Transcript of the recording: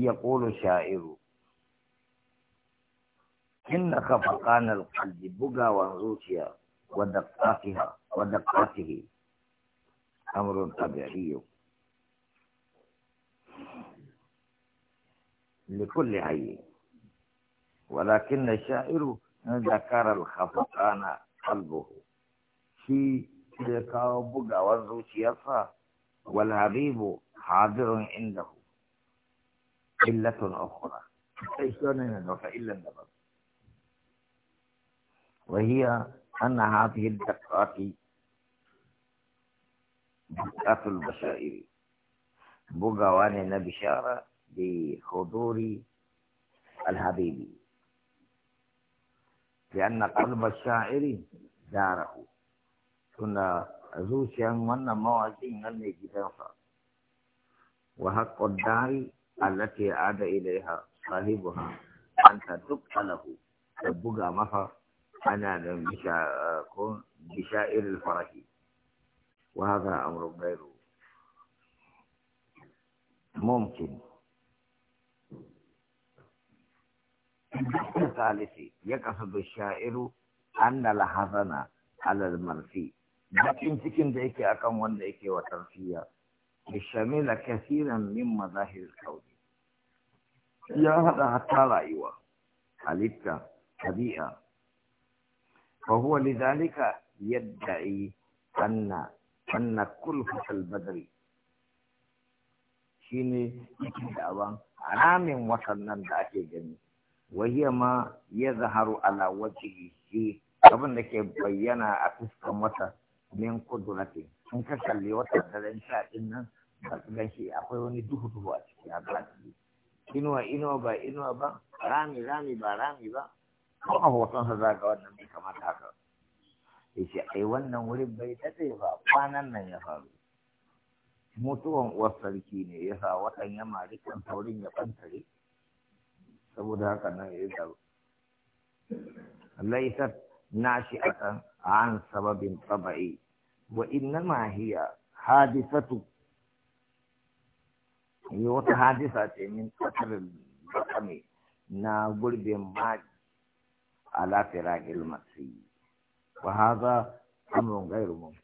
يقول شاعر إن خفقان القلب بقى وانزوتيا ودقاتها ودقاته أمر طبيعي لكل حي ولكن الشاعر ذكر الخفقان قلبه في تلك بقى وانزوتيا والحبيب حاضر عنده علة أخرى شلون إلا النظر وهي أن هذه الدقات دقات البشائر بوغوان بشارة بحضور الحبيب لأن قلب الشاعر داره كنا زوجيا من موازين من جدنفا وحق الدار التي عاد إليها صاحبها أن تدق له تبقى مها أنا بشائر الفرح وهذا أمر غير ممكن الثالث يقصد الشاعر أن لحظنا على المرفي لكن cikin da أكم akan wanda shamila kasiran min mazahir kauli ya hada hatta rayuwa halitta tabi'a fa huwa lidhalika yadda'i anna anna kulfat al-badri shine yake da ramin watan nan da ake gani wahiya ma ya zaharu ala wajhihi abin da ke bayyana a fuskan wata min kudratin in ka kalli wata daren sha nan ba su gan akwai wani duhu duhu a ciki a baki inuwa inuwa ba inuwa ba rami rami ba rami ba ko a hoton sa za ka wannan bai kamata haka ya ce ai wannan wurin bai daɗe ba kwanan nan ya faru mutuwan uwar sarki ne ya sa watan ya mari kan taurin ya ɓantare saboda haka nan ya yi zaru laisar nashi akan an sababin tsaba'i wa inna ma hiya hadisatu yo ta hadisa ce min tsakar batami na gurbe ma ala fira ilmasi wa haza amma ga irin mu ne